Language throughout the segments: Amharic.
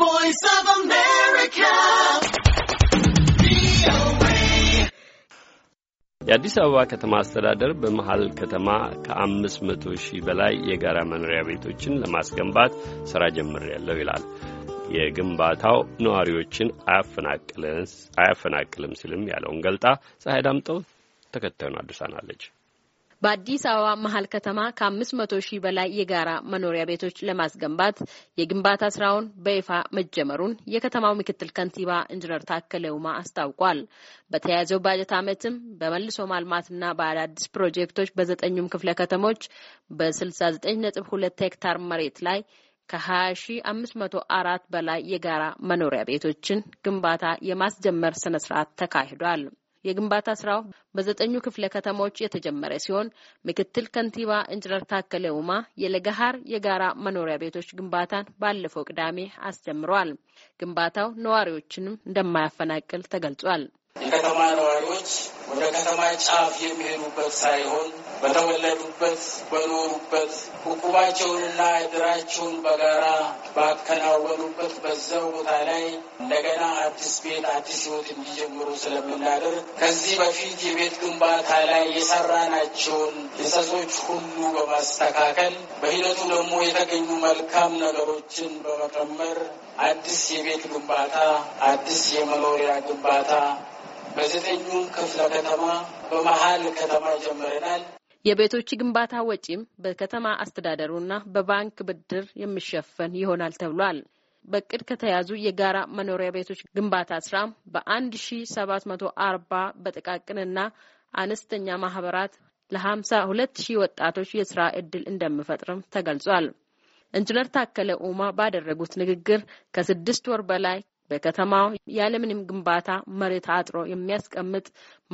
voice of America. የአዲስ አበባ ከተማ አስተዳደር በመሀል ከተማ ከአምስት መቶ ሺህ በላይ የጋራ መኖሪያ ቤቶችን ለማስገንባት ስራ ጀምር ያለው ይላል። የግንባታው ነዋሪዎችን አያፈናቅልም ሲልም ያለውን ገልጣ ፀሐይ ዳምጠው ተከታዩን አድርሳናለች። በአዲስ አበባ መሀል ከተማ ከአምስት መቶ ሺህ በላይ የጋራ መኖሪያ ቤቶች ለማስገንባት የግንባታ ስራውን በይፋ መጀመሩን የከተማው ምክትል ከንቲባ ኢንጂነር ታከለ አስታውቋል። በተያያዘው ባጀት ዓመትም በመልሶ ማልማትና በአዳዲስ ፕሮጀክቶች በዘጠኙም ክፍለ ከተሞች በ69.2 ሄክታር መሬት ላይ ከ2504 በላይ የጋራ መኖሪያ ቤቶችን ግንባታ የማስጀመር ስነ ስርዓት ተካሂዷል። የግንባታ ስራው በዘጠኙ ክፍለ ከተማዎች የተጀመረ ሲሆን ምክትል ከንቲባ እንጅረር ታከለ ውማ የለገሃር የጋራ መኖሪያ ቤቶች ግንባታን ባለፈው ቅዳሜ አስጀምረዋል። ግንባታው ነዋሪዎችንም እንደማያፈናቅል ተገልጿል። የከተማ ነዋሪዎች ወደ ከተማ ጫፍ የሚሄዱበት ሳይሆን በተወለዱበት በኖሩበት ዕቁባቸውንና ዕድራቸውን በጋራ ባከናወኑበት በዛው ቦታ ላይ እንደገና አዲስ ቤት አዲስ ህይወት እንዲጀምሩ ስለምናደርግ ከዚህ በፊት የቤት ግንባታ ላይ የሰራናቸውን እንሰሶች ሁሉ በማስተካከል በሂደቱ ደግሞ የተገኙ መልካም ነገሮችን በመቀመር አዲስ የቤት ግንባታ አዲስ የመኖሪያ ግንባታ በዘጠኙም ክፍለ ከተማ በመሀል ከተማ ጀምረናል። የቤቶች ግንባታ ወጪም በከተማ አስተዳደሩና በባንክ ብድር የሚሸፈን ይሆናል ተብሏል። በቅድ ከተያዙ የጋራ መኖሪያ ቤቶች ግንባታ ስራ በ አርባ በጥቃቅንና አነስተኛ ማህበራት ለ ሁለት ሺህ ወጣቶች የስራ እድል እንደሚፈጥርም ተገልጿል። ኢንጂነር ታከለ ኡማ ባደረጉት ንግግር ከስድስት ወር በላይ በከተማው ያለምንም ግንባታ መሬት አጥሮ የሚያስቀምጥ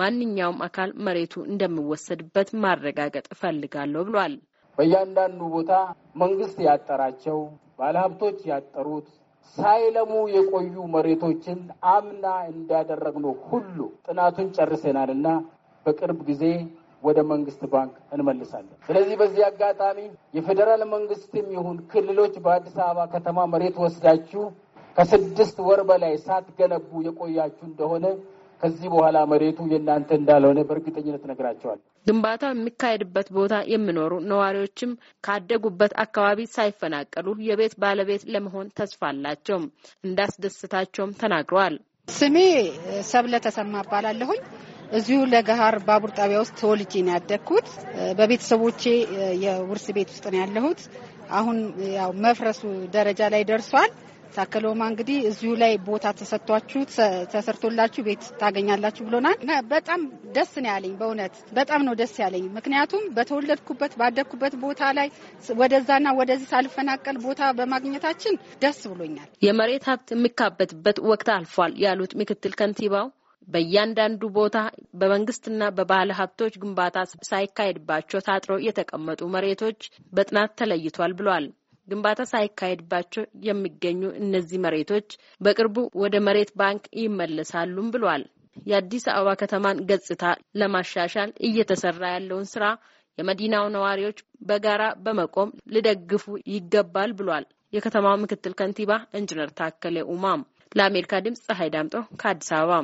ማንኛውም አካል መሬቱ እንደሚወሰድበት ማረጋገጥ እፈልጋለሁ ብሏል። በእያንዳንዱ ቦታ መንግስት ያጠራቸው ባለሀብቶች ያጠሩት ሳይለሙ የቆዩ መሬቶችን አምና እንዳደረግነው ሁሉ ጥናቱን ጨርሰናል እና በቅርብ ጊዜ ወደ መንግስት ባንክ እንመልሳለን። ስለዚህ በዚህ አጋጣሚ የፌዴራል መንግስትም ይሁን ክልሎች በአዲስ አበባ ከተማ መሬት ወስዳችሁ ከስድስት ወር በላይ ሳትገነቡ የቆያችሁ እንደሆነ ከዚህ በኋላ መሬቱ የእናንተ እንዳልሆነ በእርግጠኝነት ነግራቸዋል። ግንባታው የሚካሄድበት ቦታ የሚኖሩ ነዋሪዎችም ካደጉበት አካባቢ ሳይፈናቀሉ የቤት ባለቤት ለመሆን ተስፋ አላቸውም። እንዳስደስታቸውም ተናግረዋል። ስሜ ሰብለ ተሰማ እባላለሁኝ። እዚሁ ለገሀር ባቡር ጣቢያ ውስጥ ተወልጄ ነው ያደግኩት። በቤተሰቦቼ የውርስ ቤት ውስጥ ነው ያለሁት። አሁን ያው መፍረሱ ደረጃ ላይ ደርሷል። ታከለውማ እንግዲህ እዚሁ ላይ ቦታ ተሰጥቷችሁ ተሰርቶላችሁ ቤት ታገኛላችሁ ብሎናል በጣም ደስ ነው ያለኝ። በእውነት በጣም ነው ደስ ያለኝ። ምክንያቱም በተወለድኩበት ባደግኩበት ቦታ ላይ ወደዛና ወደዚህ ሳልፈናቀል ቦታ በማግኘታችን ደስ ብሎኛል። የመሬት ሀብት የሚካበትበት ወቅት አልፏል ያሉት ምክትል ከንቲባው በእያንዳንዱ ቦታ በመንግስትና በባህል ሀብቶች ግንባታ ሳይካሄድባቸው ታጥረው የተቀመጡ መሬቶች በጥናት ተለይቷል ብሏል። ግንባታ ሳይካሄድባቸው የሚገኙ እነዚህ መሬቶች በቅርቡ ወደ መሬት ባንክ ይመለሳሉም ብሏል። የአዲስ አበባ ከተማን ገጽታ ለማሻሻል እየተሰራ ያለውን ስራ የመዲናው ነዋሪዎች በጋራ በመቆም ሊደግፉ ይገባል ብሏል። የከተማው ምክትል ከንቲባ ኢንጂነር ታከሌ ኡማም ለአሜሪካ ድምፅ ፀሐይ ዳምጦ ከአዲስ አበባ